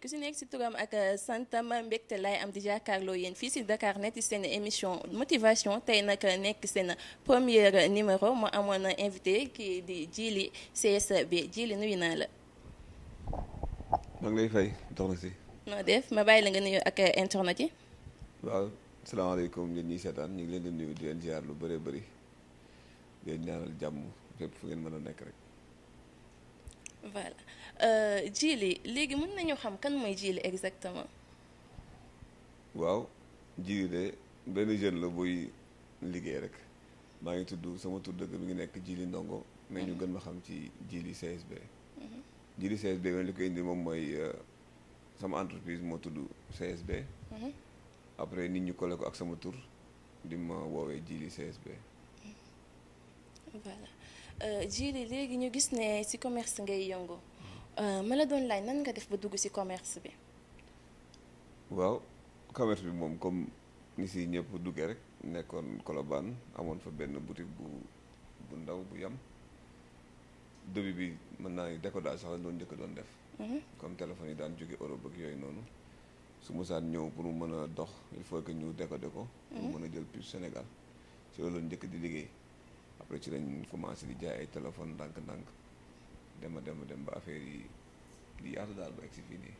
kenn si nekk si turam ak euh, santam mbégte lay am di jàkkaarloo yéen fii si Dakar Net ci seen émission motivation tey nag nekk seen première numéro mu amoon invité kii di Djily CSB Djily nuyu naa la. maa lay fay soxna si. noo def ma bàyyi la nga nuyu ak euh, internet yi. waaw salaamaaleykum yéen ñii seetaan ñu leen di nuyu di leen ziar lu bëree bari leen ñaanal jàmm fépp fu ngeen mën a nekk rek. Euh, Djily léegi mën nañu xam kan mooy Djily exactement. waaw Djily de benn jeune la buy liggéey rek maa ngi tudd sama tur dëgg mi ngi nekk Djily Ndongo. mais ñu mhm. gën ma xam ci Djily CSB. Mhm. Djily CSB man li koy moom mooy euh, sama entreprise moo tudd CSB. Mhm. après nit ñu collé ko ak sama tur di ma woowee Djily CSB. voilà euh, léegi ñu gis ne ci commerce ngay yëngu. Euh, ma la doon laaj nan nga def ba dugg ci commerce bi. waaw commerce bi moom comme ni si ñëpp duggee rek nekkoon Colobane amoon fa benn boutique bu bu ndaw bu yam début bi mën naa ni décodage sax la doon njëkk doon def. Mhm. comme téléphone yi daan jóge Europe ak yooyu noonu. su mosaan ñëw pour mu mën a dox il faut que ñu décodé ko. pour mhm. mën a jël puce Sénégal ci loolu njëkk di liggéey après ci lañ commencé di jaay ay téléphone ndànk-ndànk. dem a dem a dem ba affaire yi di yaatu daal ba egg si fii nii.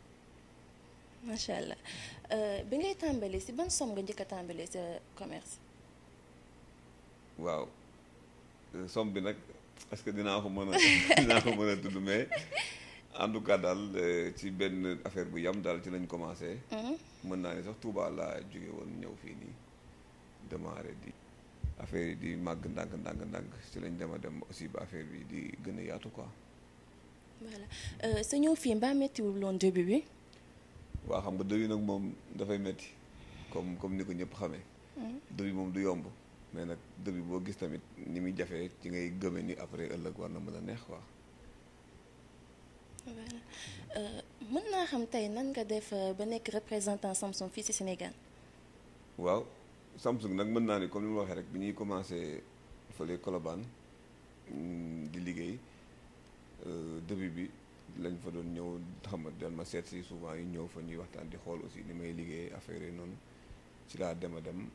macha allah euh, bi ngay tàmbalee si ban somme nga njëkk a tàmbalee sa commerce. waaw euh, somme bi nag est que dinaa ko mën a dinaa mën a tudd mais en tout cas daal euh, ci benn affaire bu yam daal ci lañ commencé. Mhm. mën naa ne sax Touba laa jóge woon ñëw fii nii démarré di. affaire yi di màgg ndànk ndànk ndànk ci lañ dem a dem aussi ba affaire bi di gën a yaatu quoi. voilà euh, sa ñëw fii mbaa méttiwul loon début bi. waa xam nga début nag moom dafay métti comme comme ni ko ñëpp xamee. Hmm. début moom du yomb mais nag début boo gis tamit ni muy jafee ci ngay gëme ni après ëllëg war na mën a neex quoi. voilà euh, mën naa xam tey nan nga def euh, ba nekk représentant Samsung fii ci Sénégal. waaw Samsung nag mën naa ni comme ni ma waxee rek bi ñuy commencé fële Colobane mm, di liggéey. Euh, début bi lañ fa doon ñëw xam nga ma seet si souvent yi ñëw fa ñuy waxtaan di xool aussi ni may liggéey affaire yi noonu ci laa dem a dem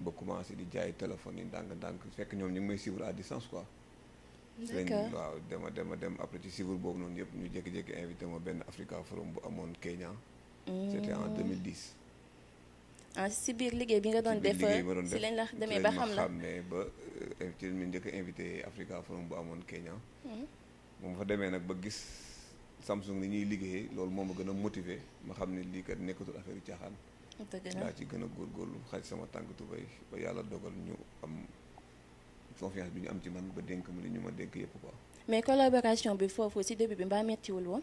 ba commencé di jaay téléphone yi ndànk-ndànk fekk ñoom ñu ngi may suivre à distance quoi. d'accord waaw dema dema dem après ci suivre boobu noonu yëpp ñu jékki-jékki invité ma benn Africa Forum bu amoon Kenya. Mmh. c'était en 2010. ah si biir liggéey bi nga doon def si lañ la demee ba xam la ba euh, ci lañ ma njëkk invité Africa Forum bu amoon Kenya. Mmh. bu ma fa demee nag ba gis Samsung ni ñuy liggéeyee loolu moom ma gën a motiver ma xam ne lii kat nekkatul affaire yu caaxaan. laa ci gën a góorgóorlu xaj sama tànk tubéy yàlla dogal ñu am confiance bi ñu am ci man ba dénk ma li ñu ma dénk yëpp quoi. mais collaboration bi si début bi mbaa méttiwul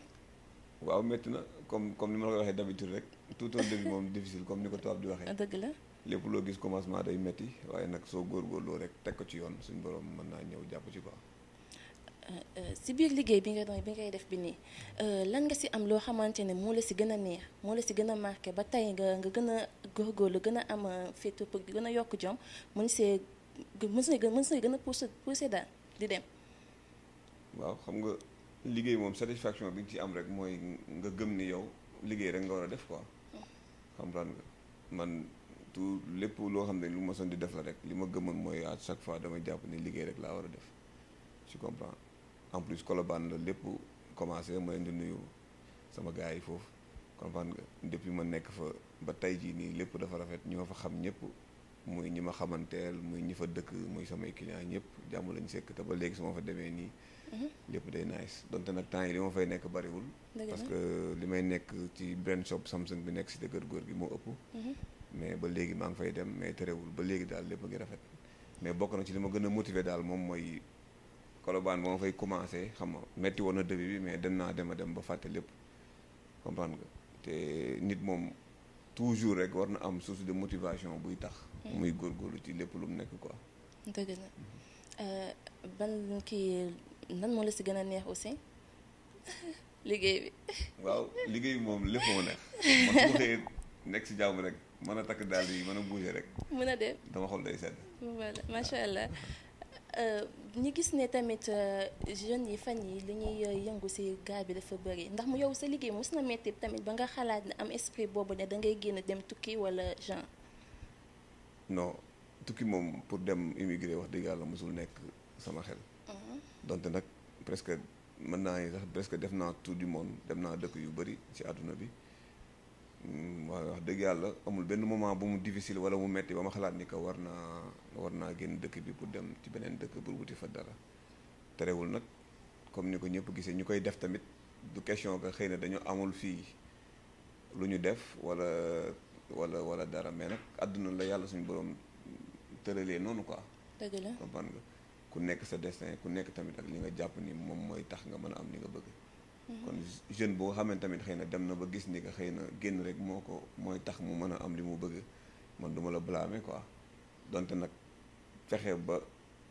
waaw métti na comme comme ni ma ko waxee d'habitude rek tout un début moom comme ni ko tubaab di waxee. Ah, dëgg la lépp loo gis commencement day métti waaye nag soo góorgóorloo rek teg ko ci yoon suñu borom mën naa ñëw jàpp ci quoi. Euh, euh, si biir liggéey bi nga doon bi ngay def bi nii euh, lan nga si am loo xamante ne moo la si gën a neex moo la si gën a marqué ba tey nga nga gën a góorgóorlu gën a am féetu pour gën a yokk jom mën see mën see mën see gën a poussé poussé daal di dem. waaw xam nga liggéey moom satisfaction bi ci am rek mooy nga gëm ni yow liggéey rek nga war a def quoi. xam nga man tout lépp loo xam ne lu ma son di def la rek li ma gëmoon mooy à chaque fois damay jàpp ni liggéey rek laa war a def ci comprends. en plus Colobane la lépp commencé ma leen di nuyu sama gars yi foofu comprendre nga depuis ma nekk fa ba tey jii nii lépp dafa rafet ñi ma fa xam ñëpp muy ñi ma xamanteel muy ñi fa dëkk muy samay clients ñëpp jàmm lañ sekk te ba léegi su ma fa demee nii. Mhm. lépp day nice donte nag temps yi li ma fay nekk bariwul. parce que li may nekk ci brand shop Samsung bi nekk si dëgër góor gi moo ëpp. Mhm. mais ba léegi maa ngi fay dem mais terewul ba léegi daal lépp a rafet mais bokk na ci li ma gën a motiver daal moom mooy. Colobane ba ma fay commencé xam nga metti woon na début bi mais dem naa dem a dem ba fàtte lépp comprendre nga te nit moom toujours rek war na am source de motivation buy tax. Mm. muy góorgóorlu ci lépp lu mu nekk ko dëgg la mm-hmm. euh, ban si gën neex aussi liggéey waaw liggéey moom lépp moo neex nekk si jàmm rek mën a takk daal yi mën a bouger rek. mën a dem dama xol day sedd. voilà macha allah. Euh, ñu gis ne tamit euh, jeunes yi fan yi li ñuy euh, yëngu ci gaal bi dafa bëri ndax mu yow sa liggéey mos na metti tamit ba nga xalaat ne am esprit boobu ne da ngay génn dem tukki walla genre. no tukki moom pour dem immigré wax dëgg yàlla mosul nekk sama xel. Mhm. donte nag presque mën naa sax presque def naa tout du monde dem naa dëkk yu bëri ci àdduna bi. Mm, waaw wax dëgg yàlla amul benn moment bu mu difficile wala mu metti ba ma xalaat ni ko war naa war naa génn dëkk bi pour dem ci beneen dëkk pour wuti fa dara terewul nag comme ni ko ñëpp gisee ñu koy def tamit du question que xëy na dañu amul fii lu ñu def wala wala wala dara mais nag àdduna la yàlla suñu borom tëralee noonu quoi. dëgg la comprendre nga ku nekk sa destin ku nekk tamit ak li nga jàpp ni moom mooy tax nga mën a am li nga bëgg. kon jeune boo xam ne tamit xëy na dem na ba gis ni que xëy na génn rek moo ko mooy tax mu mën a am li mu bëgg man duma la blâmer quoi donte nag fexe ba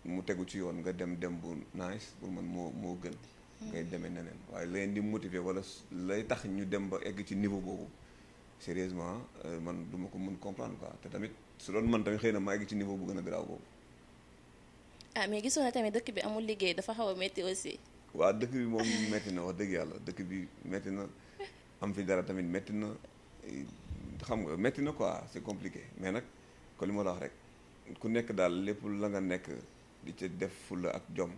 mu tegu ci yoon nga dem dem bu nice pour man moo moo gën. ngay mm. demee neneen waaye leen di motiver wala lay tax ñu dem ba egg ci niveau boobu sérieusement euh, man du ma ko mën comprendre quoi te tamit su doon man tamit xëy na ma egg ci niveau bu gën a garaaw boobu. ah mais gisoon na tamit dëkk bi amul liggéey dafa xaw a métti aussi. waa dëkk bi moom metti na wax dëgg yàlla dëkk bi metti na am fi dara tamit metti na xam nga metti na quoi c'est compliqué mais nag ko li ma la wax rek ku nekk daal lépp la nga nekk di ca def fulla ak jom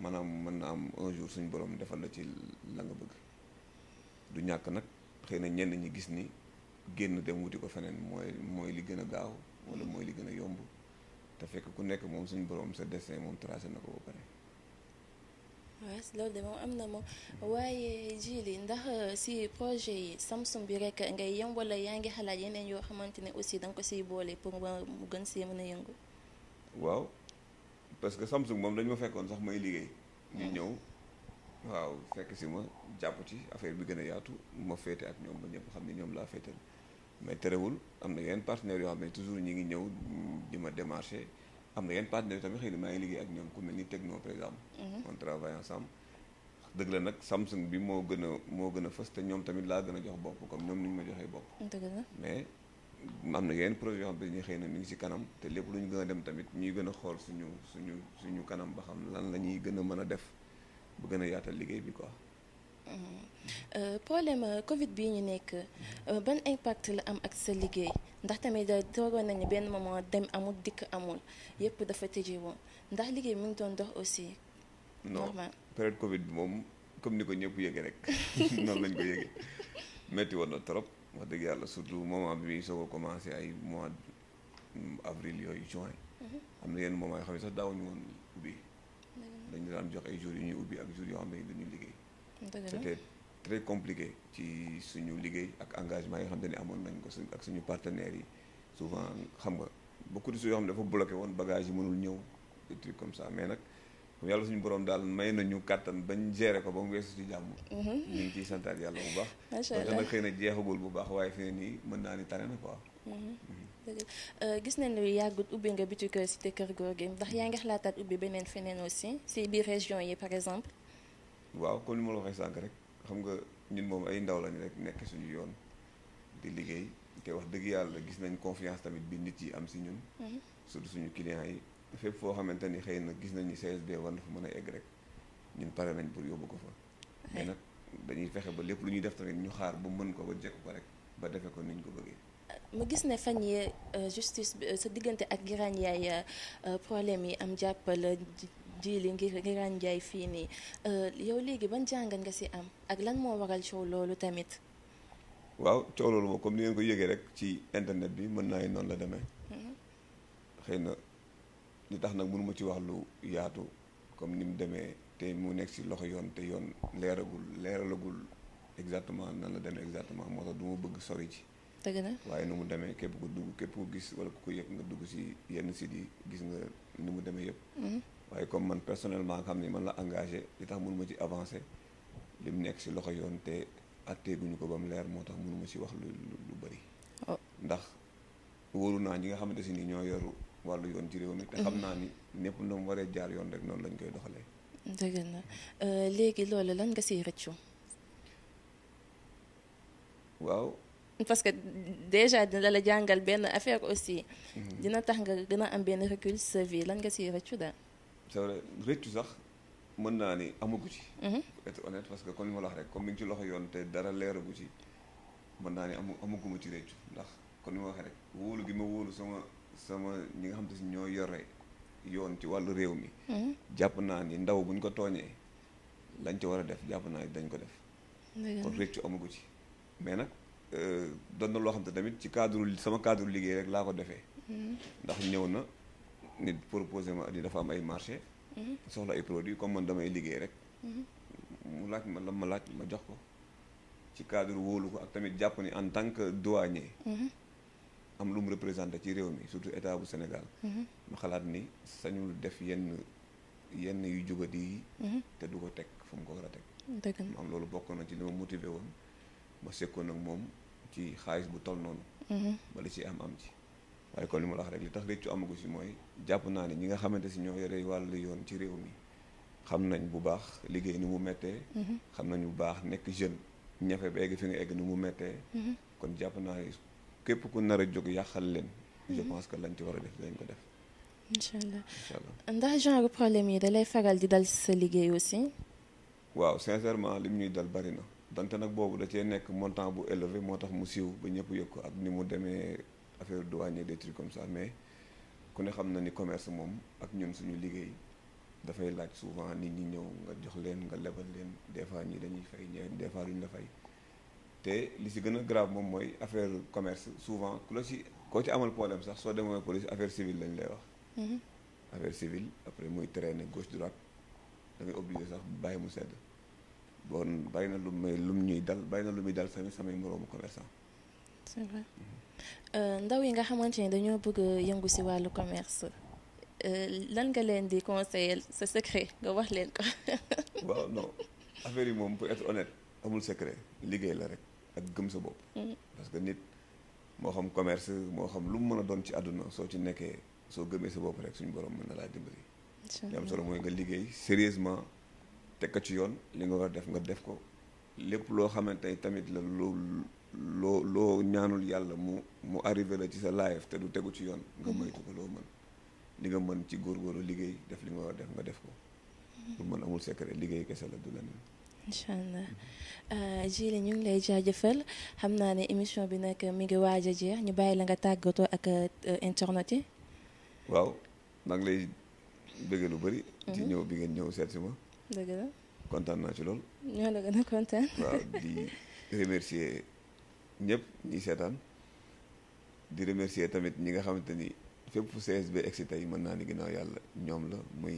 maanaam mën na am un jour suñu borom defal la ci la nga bëgg du ñàkk nag xëy na ñenn ñi gis ni génn dem wuti ko feneen mooy mooy li gën a gaaw wala mooy li gën a yomb te fekk ku nekk moom suñu borom sa destin moom tracé na ko ba pare waaw loolu de moom am na moom waaye jili ndax si projet yi Samsung bi rek ngay yem wala yaa ngi xalaat yeneen yoo xamante ne aussi da nga ko siy boolee pour mu gën see mën a yëngu. waaw parce que Samsung moom dañu ma fekkoon sax may liggéey. ñu hmm. ñëw waaw fekk si ma jàpp ci affaire bi gën a yaatu ma féete ak ñoom ba ñëpp xam ni ñoom laa féetal mais terewul am na yeneen partenaires yoo xam ne toujours ñu ngi ñëw di ma démarché. am na yenn partenaires tamit xëy na maa ngi liggéey ak ñoom ku mel ni Tecno par exemple. Mhm. on travaille dëgg la nag Samsung bi moo gën a moo gën a fës te ñoom tamit laa gën a jox bopp comme ñoom ni ñu ma joxee bopp. dëgg mais am na yenn projet yoo xam ne xëy na mi ngi ci kanam te lépp lu ñu gën a dem tamit ñuy gën a xool su suñu suñu suñu kanam ba xam lan la ñuy gën a mën a def ba gën a yaatal liggéey bi quoi. Euh, problème euh, Covid bii ñu nekk euh, ban impact la am ak sa liggéey ndax tamit toogoon nañu benn moment dem amul dikk amul yépp dafa tëje woon ndax liggéey mu ngi doon dox aussi. normal non période Covid bi moom comme ni ko ñëpp yëgee rek noonu lañ ko yëgee na trop wax dëgg yàlla surtout moment bi muy soog commencé ay mois avril yooyu juin. Mhm. am na yenn moment yoo xam ne sax daawuñu woon ubbi. dañu daan jox ay jours yu ñuy ubbi ak jours yoo xam ne dañuy liggéey. c'était très compliqué ci suñu liggéey ak engagement yi nga xam ne amoon nañ ko suñ ak suñu partenaires yi souvent xam nga beaucoup de choses yoo xam ne dafa bloqué woon bagage yi mënul ñëw des comme ça mais nag yàlla suñu borom daal may nañu kàttan bañ gérer ko ba mu weesu ci jàmm. Mhm. ñu ngi ciy santaat yàlla bu baax. macha allah parce que xëy na jeexagul bu baax waaye fi ne nii mën naa ni tane na quoi. Mhm. Mhm. Euh, gis nañ ne yàggut ubbi nga bitik euh, Cité Kër Gorgui ndax yaa ngi xalaataat ubbi beneen feneen aussi si biir région yi par exemple. waaw kon ni ma la waxee sànq rek xam nga ñun moom ay ndaw lañu rek nekk suñu yoon di liggéey te wax dëgg yàlla gis nañ confiance tamit bi nit yi am si ñun. Mhm. surtout suñu clients yi fépp foo xamante ni xëy na gis nañ ni CSB war na fa mën a egg rek ñun pare nañ pour ko fa. mais nag dañuy fexe ba lépp lu ñuy def ñu xaar ba mën ko ba jekk ko rek ba defe ko niñ ko bëggee. Euh, ma gis ne fan yi euh, euh, sa diggante ak Giraan Yaay problème yi am jàppal jiili ngir ngiraan jaay fii nii euh, yow léegi ban jàngat nga si am ak lan moo waral coow loolu tamit. waaw coow loolu moom comme ni ngeen ko rek ci internet bi mën naa noonu la demee. Mm-hmm. xëy na li tax nag mënuma ci wax lu yaatu comme ni mu demee te mu nekk si loxo yoon te yoon leeragul leeralagul exactement nan la demee exactement moo tax du ma bëgg sori ci. dëgg na waaye nu mu demee képp ku dugg képp ku gis wala ku ko yëg nga dugg si yenn si di gis nga ni mu demee yëpp. Mm-hmm. waaye comme man personnellement nga xam ni man la engagé li tax mënu ma ci avancé li mu nekk si loxo yoon te attee ñu ko ba mu leer moo tax mënu ma si wax lu lu bëri oh. ndax wóoru naa ñi nga xamante si ni ñoo yoru wàllu yoon ci réew mi te xam mm-hmm. naa ni ñëpp ndoom waree jaar yoon rek noonu lañ koy doxalee dëgg na euh, léegi loolu lan nga siy rëccu waaw parce que déjà dina jàngal benn affaire aussi mm-hmm. dina tax nga gën a am benn recul sa vie lan nga siy rëccu daal c'est vrai rëccu sax mën naa ni amagu ci. Mhm. pour être parce que comme li ma rek comme mi ngi ci loxo yoon te dara leeragu ci mën naa ni amu amaguma ci rëccu ndax comme ni ma waxee rek wóolu gi ma wóolu sama sama ñi nga xam te si ñoo yore yoon ci wàllu réew mi. Mhm. jàpp naa ni ndaw buñ ko tooñee lañ ci war a def jàpp naa ni dañ ko def. rëccu amagu ci mais nag euh, doon na loo xam te tamit ci cadre sama cadre liggéey rek laa ko defee. Mhm. ndax ñëw na. nit proposé ma di dafa am ay marché mhm. soxla ay produits comme man damay liggéey rek mhm. mu laaj ma la ma laaj ma jox ko ci cadre wóolu ko ak tamit jàpp ni en tant que douanier mhm. am lu représenté ci réew mi surtout état bu Sénégal ma xalaat ni sañul def yenn yenn yu jubadi yi te du ko teg fu mu ko war a teg dëgg am loolu bokk na ci li ma motivé woon ma sekkoon ak moom ci xaalis bu toll noonu ba li ci am am ci waaye kon li ma la rek li tax réccu amagu si mooy jàpp naa ne ñi nga xamante si ñoo yore wàllu yoon ci réew mi xam nañ bu baax liggéey ni mu méttee mhm. xam nañ bu baax nekk jeune ñafe ba egg fi nga egg ni mu méttee mhm. kon jàpp naa ne képp ku nar a jóg yàqal leen mhm. je pense que lañ ci war a def dañ ko def incha allah ndax genre problème yi da lay di dal sa liggéey aussi waaw sincèrement li mu ñuy dal bari na dante nag boobu da cee nekk montant bu élevé moo tax mu siiw ba ñëpp yëg ni mu affaire douanier des trucs comme ça mais ku ne xam na ni commerce moom ak ñoom suñu liggéey dafay laaj souvent nit ñi ñëw nga jox leen nga lebal leen des fois ñi dañuy fay ñe des fois duñ la fay te li si gën a grave moom mooy affaire commerce souvent ku la si koo ci amal problème sax soo demee police affaire civile lañ lay wax mhm. affaire civile après muy ne gauche droite da ngay obligé sax bàyyi mu sedd bon bari na lu may lum ñuy dal bay na lu muy dal samay samay moroomu commerçant Euh, ndaw yi nga xamante ni dañoo bëgg yëngu ci wàllu commerce euh, lan nga leen di conseiller sa secret nga wax leen ko. waaw non affaire yi moom pour être honnête amul secret liggéey la rek ak gëm sa bopp. Mm. parce que nit moo xam commerce moo xam lu mu mën a doon ci àdduna soo ci nekkee soo gëmee sa bopp rek suñu borom mën na laa dimbali. li am solo mooy nga liggéey sérieusement teg ko ci yoon li nga war def nga def ko lépp loo xamante tamit la loolu. loo loo ñaanul yàlla mu mu arrivé la ci sa live te du tegu ci yoon nga mm-hmm. moytu ko loo mën li nga mën ci góoru liggéey def li nga war a def nga def ko mm-hmm. lu mën amul secret liggéey kese la du leneen incha allah euh, Jili ñu ngi lay jaajëfal xam naa ne émission bi nag mi ngi waaj jeex ñu bàyyi la nga tàggatoo ak euh, internet yi waaw maa ngi lay bëgg lu bëri mm-hmm. ci ñëw bi ngeen ñëw seet si ma dëgg la kontaan naa ci lool ñoo la gën a kontaan waaw di remercier ñëpp ñi seetaan di remercier tamit ñi nga xamante ni fépp fu CSB egsi tey mën naa ni ginnaaw yàlla ñoom la muy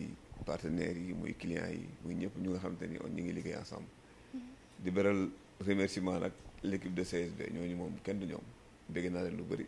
partenaires yi muy clients yi muy ñëpp ñu nga xamante ni ñu ngi liggéey ensemble mm-hmm. di beral remerciement nag l'équipe de CSB ñooñu moom kenn du ñoom bëgg naa leen lu bëri